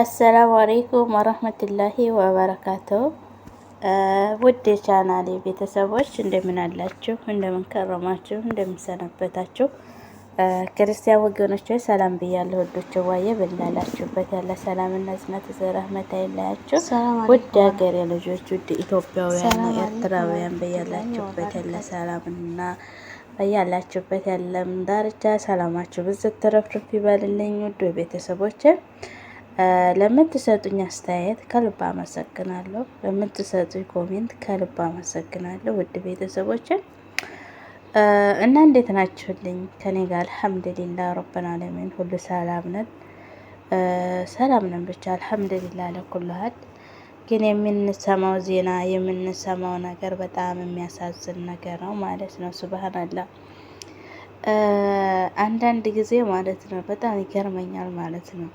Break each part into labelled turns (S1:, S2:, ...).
S1: አሰላሙ አሌይኩም ወረህመቱላሂ ወበረካተው ውድ የቻናሌ ቤተሰቦች እንደምን አላችሁ? እንደምን ከረማችሁ? እንደምን ሰነበታችሁ? ክርስቲያን ወገኖች ሰላም ብያለሁ። ወዶች ዋየ በላላችሁበት ያለ ሰላምና እዝነት ዘረህመት አይለያችሁ። ውድ ሀገሬ ልጆች፣ ውድ ኢትዮጵያውያን፣ ኤርትራውያን በያላችሁበት ያለ ሰላምና በያላችሁበት ያለም ዳርቻ ሰላማችሁ ብዙ ትረፍርፍ ይበልልኝ። ውድ ቤተሰቦች ለምትሰጡኝ አስተያየት ከልብ አመሰግናለሁ። ለምትሰጡኝ ኮሜንት ከልብ አመሰግናለሁ። ውድ ቤተሰቦችን እና እንዴት ናችሁልኝ? ከኔ ጋር አልሐምድሊላ ረብን አለሚን ሁሉ ሰላም ነን፣ ሰላም ነን ብቻ አልሐምድሊላ ለኩልሃል። ግን የምንሰማው ዜና የምንሰማው ነገር በጣም የሚያሳዝን ነገር ነው ማለት ነው። ስብሃናላ አንዳንድ ጊዜ ማለት ነው በጣም ይገርመኛል ማለት ነው።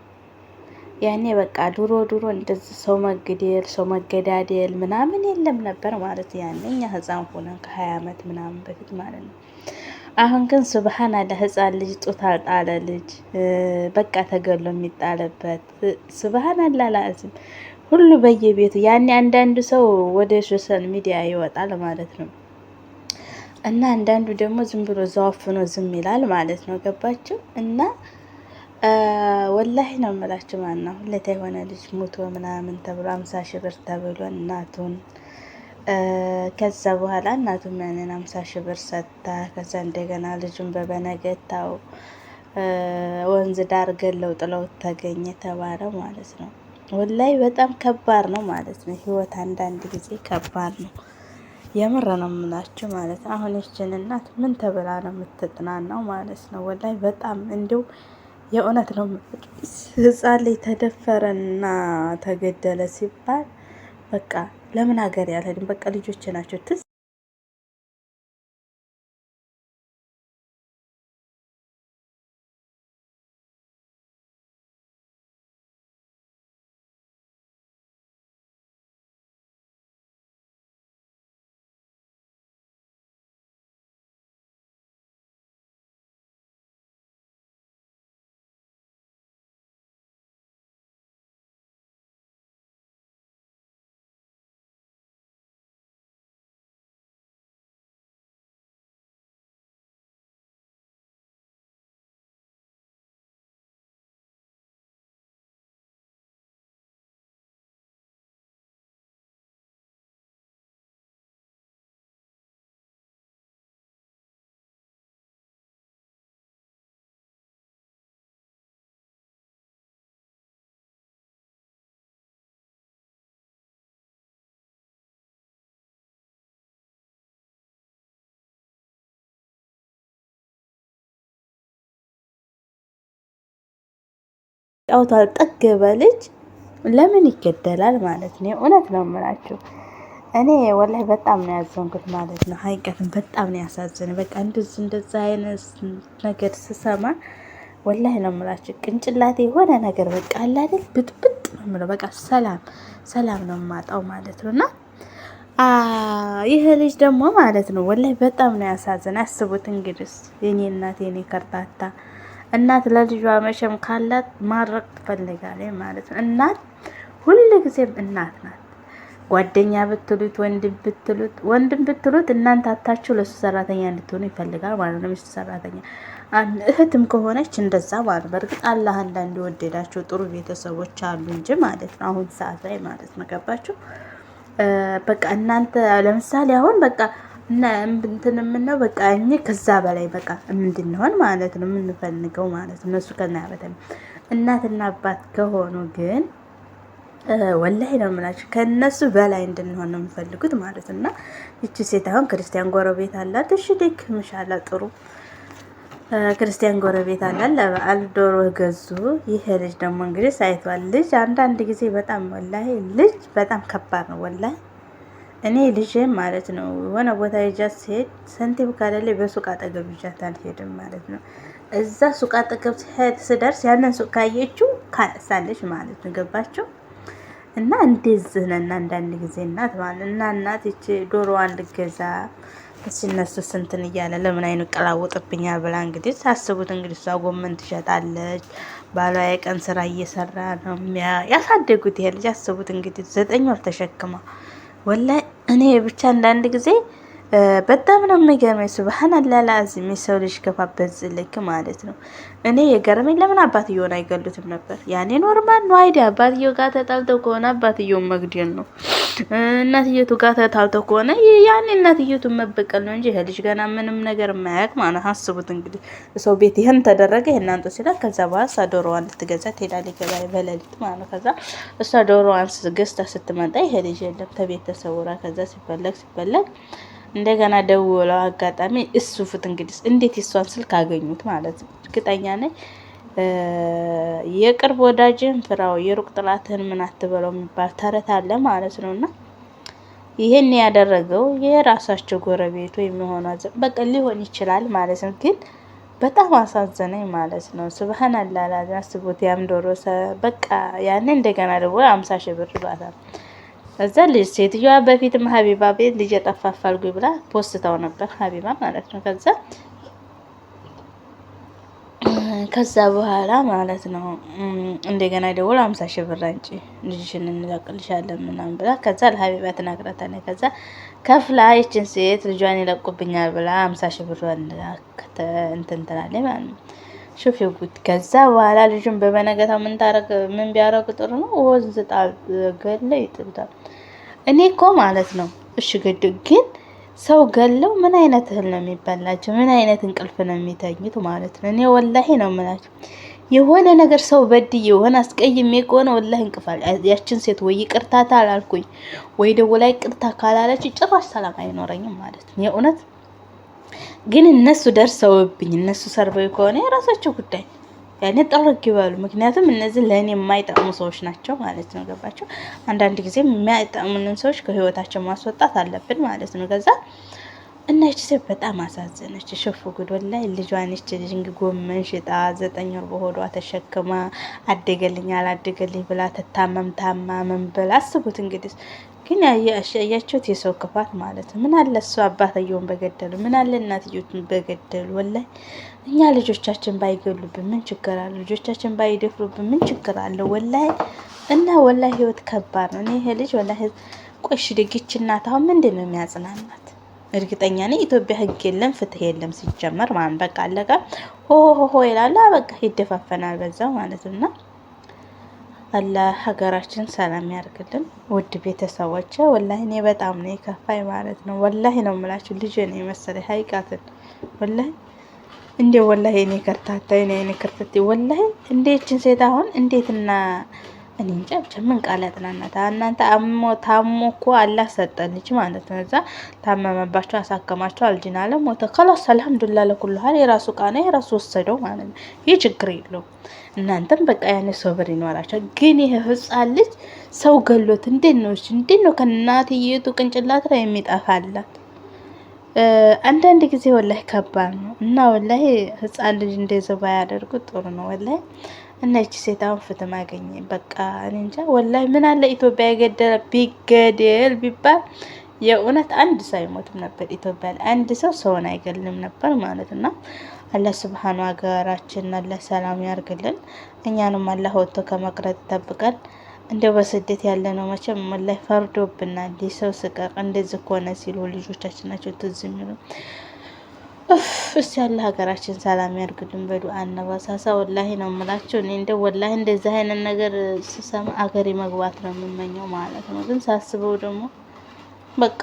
S1: ያኔ በቃ ድሮ ድሮ እንደዚህ ሰው መግደል ሰው መገዳደል ምናምን የለም ነበር ማለት ያኔ እኛ ህፃን ሆነን ከሀያ ዓመት ምናምን በፊት ማለት ነው። አሁን ግን ስብሀን አለ ህፃን ልጅ ጡት አልጣለ ልጅ በቃ ተገሎ የሚጣለበት ስብሀን አለ አላዝም ሁሉ በየቤቱ ያኔ አንዳንዱ ሰው ወደ ሶሻል ሚዲያ ይወጣል ማለት ነው። እና አንዳንዱ ደግሞ ዝም ብሎ ዘዋፍኖ ዝም ይላል ማለት ነው። ገባቸው እና ወላሂ ነው የምላችሁ። ማን ነው ሁለት የሆነ ልጅ ሙቶ ምናምን ተብሎ አምሳ ሺህ ብር ተብሎ እናቱን ከዛ በኋላ እናቱም ያንን አምሳ ሺህ ብር ሰጥታ ከዛ እንደገና ልጁን በበነገታው ወንዝ ዳር ገለው ጥለው ተገኘ ተባለ ማለት ነው። ወላይ በጣም ከባድ ነው ማለት ነው። ህይወት አንዳንድ ጊዜ ከባድ ነው። የምር ነው የምላችሁ ማለት ነው። አሁን ይችን እናት ምን ተብላ ነው የምትጥናናው ማለት ነው። ወላይ በጣም እንዲሁ የእውነት ነው። ህፃን ላይ ተደፈረና ተገደለ ሲባል በቃ ለምን ሀገር ያልሄድም በቃ ልጆች ናቸው ጫወታ ጠገበ ልጅ ለምን ይገደላል ማለት ነው። እውነት ነው የምላችሁ እኔ ወላሂ በጣም ነው ያዘንኩት ማለት ነው። ሀቂቀትን በጣም ነው ያሳዘነ። በቃ እንደዚ እንደዛ አይነት ነገር ስሰማ ወላሂ ነው የምላችሁ ቅንጭላቴ የሆነ ነገር በቃ አለ አይደል ብጥብጥ ነው የምለው። በቃ ሰላም ሰላም ነው የማጣው ማለት ነው። እና ይህ ልጅ ደግሞ ማለት ነው ወላሂ በጣም ነው ያሳዘን። አስቡት እንግዲህ የኔ እናት የኔ ከርታታ እናት ለልጇ መቼም ካላት ማድረግ ትፈልጋለች ማለት ነው። እናት ሁሉ ጊዜም እናት ናት። ጓደኛ ብትሉት፣ ወንድም ብትሉት፣ ወንድም ብትሉት እናንተ አታችሁ ለሱ ሰራተኛ እንድትሆኑ ይፈልጋል ማለት ነው። ሚስቱ ሰራተኛ፣ እህትም ከሆነች እንደዛ ማለት በእርግጥ አላህ አንዳንድ የወደዳቸው ጥሩ ቤተሰቦች አሉ እንጂ ማለት ነው። አሁን ሰዓት ላይ ማለት ነው። ገባችሁ? በቃ እናንተ ለምሳሌ አሁን በቃ እና እንትን የምነው በቃ እኔ ከዛ በላይ በቃ እንድንሆን ማለት ነው የምንፈልገው ማለት ነው። እሱ ከና ያበተን እናትና አባት ከሆኑ ግን ወላይ ነው የምላችሁ ከእነሱ በላይ እንድንሆን ነው የምፈልጉት ማለት እና ይቺ ሴት አሁን ክርስቲያን ጎረቤት አላት። እሺ ዴክ ደክምሻል፣ ጥሩ ክርስቲያን ጎረቤት አላት። ለበዓል ዶሮ ገዙ። ይሄ ልጅ ደግሞ እንግዲህ ሳይቷል። ልጅ አንዳንድ ጊዜ በጣም ወላይ ልጅ በጣም ከባድ ነው ወላይ እኔ ልጄም ማለት ነው የሆነ ቦታ ይዣት ስሄድ ሰንቲም ካለለ በሱቅ አጠገብ ይዣት አልሄድም ማለት ነው። እዛ ሱቅ አጠገብ ስደርስ ያንን ሱቅ ካየችው ካሳለች ማለት ነው። ገባችው እና እንደዚህ ነን አንዳንድ ጊዜ እናት ማለት እና እናት ይቺ ዶሮዋን ልገዛ እሺ እነሱ ስንትን እያለ ለምን አይኑ ቀላወጥብኛ ብላ እንግዲህ ሳስቡት እንግዲህ እሷ ጎመን ትሸጣለች፣ ባሏ የቀን ስራ እየሰራ ነው። ያሳደጉት ይሄ ልጅ አስቡት እንግዲህ ዘጠኝ ወር ተሸክማ ወላሂ እኔ ብቻ አንዳንድ ጊዜ በጣም ነው የሚገርመኝ። ስብሀን አላላዚ የሰው ልጅ ገፋበት ዝልክ ማለት ነው። እኔ የገረመኝ ለምን አባትየውን አይገሉትም ነበር? ያኔ ኖርማል ነው አይዲ አባትየው ጋር ተጣልተው ከሆነ አባትየውን መግደል ነው። እናትየቱ ጋር ተታብተው ከሆነ ያን እናትየቱ መበቀል ነው እንጂ ይሄ ልጅ ገና ምንም ነገር ማያቅ ማለት አስቡት። እንግዲህ ሰው ቤት ይህን ተደረገ ይህን አንጦ ሲላል ከዛ በኋላ እሷ ዶሮዋን ልትገዛ ትሄዳለች። ገባ በሌሊት ማለት ከዛ እሷ ዶሮዋን ገዝታ ስትመጣ ይሄ ልጅ የለም ተቤት ተሰውራ ከዛ ሲፈለግ ሲፈለግ እንደገና ደውለው አጋጣሚ እሱ ፍት እንግዲህ እንዴት የሷን ስልክ አገኙት ማለት ነው። እርግጠኛ ነኝ የቅርብ ወዳጅን ፍራው የሩቅ ጥላትህን ምን አትበለው የሚባል ተረት አለ ማለት ነው። እና ይህን ያደረገው የራሳቸው ጎረቤት ወይም የሆነ በቃ ሊሆን ይችላል ማለት ነው። ግን በጣም አሳዘነኝ ማለት ነው። ስብሀን አላላዝ አስቡት። ያም ዶሮ በቃ ያን እንደገና ደግሞ አምሳ ሺህ ብር ይሏታል። እዛ ልጅ ሴትዮዋ በፊትም ሀቢባ ቤት ልጅ የጠፋ አፋልጉኝ ብላ ፖስታው ነበር ሀቢባ ማለት ነው። ከዛ ከዛ በኋላ ማለት ነው እንደገና ደውል አምሳ ሺህ ብር አንጪ ልጅሽን እንለቅልሻለን ምናምን ብላ ከዛ ለሀቢባ ትናግራታለች። ከዛ ከፍላ ይችን ሴት ልጇን ይለቁብኛል ብላ አምሳ ሺህ ብር እንትን ትላለች ማለት ነው። ሹፍ ጉድ። ከዛ በኋላ ልጁን በበነገታው ምን ታረግ ምን ቢያረግ ጥሩ ነው? ወንዝ ጣል ገለ ይጥሉታል። እኔ እኮ ማለት ነው እሽ ግድ ግን ሰው ገለው ምን አይነት እህል ነው የሚበላቸው? ምን አይነት እንቅልፍ ነው የሚተኙት ማለት ነው። እኔ ወላሂ ነው የምላቸው የሆነ ነገር ሰው በድ የሆነ አስቀይሜ ከሆነ ወላሂ እንቅፋል ያችን ሴት ወይ ይቅርታታ አላልኩኝ ወይ ደግሞ ላይ ቅርታ ካላለች ጭራሽ ሰላም አይኖረኝም ማለት ነው የእውነት ግን እነሱ ደርሰውብኝ እነሱ ሰርበው ከሆነ የራሳቸው ጉዳይ ያኔ ጠረግ ይበሉ። ምክንያቱም እነዚህ ለእኔ የማይጠቅሙ ሰዎች ናቸው ማለት ነው። ገባቸው? አንዳንድ ጊዜ የሚያጠቅሙንን ሰዎች ከህይወታቸው ማስወጣት አለብን ማለት ነው። ከዛ እናች ሴት በጣም አሳዘነች። ሽፉ ጉዶን ላይ ልጇንች ድንግ ጎመን ሽጣ ዘጠኝ ወር በሆዷ ተሸክማ አደገልኝ አላደገልኝ ብላ ትታመም ታማመም ብላ አስቡት እንግዲህ። ግን ያያችሁት የሰው ክፋት ማለት ምን አለ እሱ አባትየውን በገደሉ፣ ምን አለ እናትየቱን በገደሉ። ወላይ እኛ ልጆቻችን ባይገሉብን ምን ችግር አለ? ልጆቻችን ባይደፍሩብን ምን ችግር አለ? ወላሂ እና ወላሂ ህይወት ከባድ ነው። እኔ ይሄ ልጅ ወላሂ ቆሽ ድግች እናት አሁን ምንድን ነው የሚያጽናናት? እርግጠኛ ነኝ ኢትዮጵያ ህግ የለም ፍትህ የለም ሲጀመር ማን በቃ አለቀ። ሆሆሆ ይላል በቃ ይደፋፈናል በዛው ማለት እና አላህ ሀገራችን ሰላም ያርግልን። ውድ ቤተሰቦች ወላሂ እኔ በጣም ነው የከፋኝ ማለት ነው። ወላሂ ነው የምላችሁ ልጅ ነው የመሰለ ሀይቃትን ወላሂ እንዴ ወላሂ እኔ ከርታታ እኔ አይነ ከርታቴ ወላሂ እቺን ሴት አሁን እንዴትና እኔ እንጃ ብቻ ምን ቃል ያጥናናታ እናንተ አሞ ታሞ እኮ አላህ ሰጠን ማለት ነው። እዛ ታመመባቸው አሳከማቸው አልጅን አለ ሞተ ከላስ አልሐምዱሊላህ ለኩል ሀል የራሱ ቃና የራሱ ወሰደው ማለት ነው። ይህ ችግር የለውም። እናንተም በቃ ያኔ ሶብር ይኖራቸው። ግን ይህ ህፃን ልጅ ሰው ገሎት እንዴት ነው እንዴት ነው ከእናትየቱ ቅንጭላት ላይ የሚጠፋላት አንዳንድ ጊዜ ወላይ ከባድ ነው እና ወላይ ህፃን ልጅ እንደዚህ ያደርጉ ጥሩ ነው ወላይ። እና ይቺ ሴት አሁን ፍትም አገኘ። በቃ እኔ እንጃ ወላይ ምን አለ ኢትዮጵያ የገደለ ቢገደል ቢባል የእውነት አንድ ሰው አይሞትም ነበር ኢትዮጵያ ላይ አንድ ሰው ሰውን አይገልም ነበር ማለት ነው። አላህ ስብሓኑ ሀገራችን አላህ ሰላም ያርግልን። እኛንም አላህ ወጥቶ ከመቅረት ይጠብቃል። እንደው በስደት ያለ ነው መቼም ላይ ፈርዶብናል። የሰው ስቀቅ እንደዚህ ከሆነ ሲሉ ልጆቻችን ናቸው ትዝ የሚሉ እስ ያለ ሀገራችን ሰላም ያርግልን። በዱ አነባሳሳ ወላሂ ነው የምላቸው። እኔ እንደው ወላሂ እንደዚህ አይነት ነገር ስሰማ አገሬ መግባት ነው የምመኘው ማለት ነው። ግን ሳስበው ደግሞ በቃ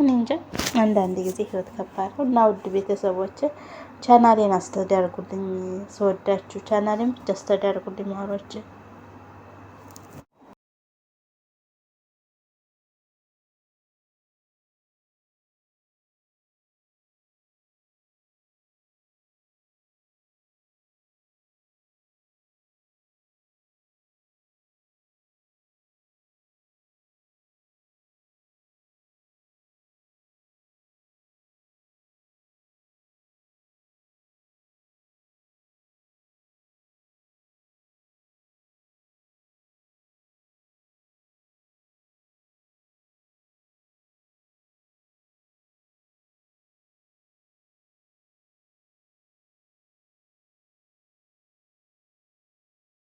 S1: እኔ እንጃ። አንዳንድ ጊዜ ህይወት ከባድ ነው እና ውድ ቤተሰቦች ቻናሌን አስተዳርጉልኝ፣ ስወዳችሁ ቻናሌን ብቻ አስተዳርጉልኝ ማሮችን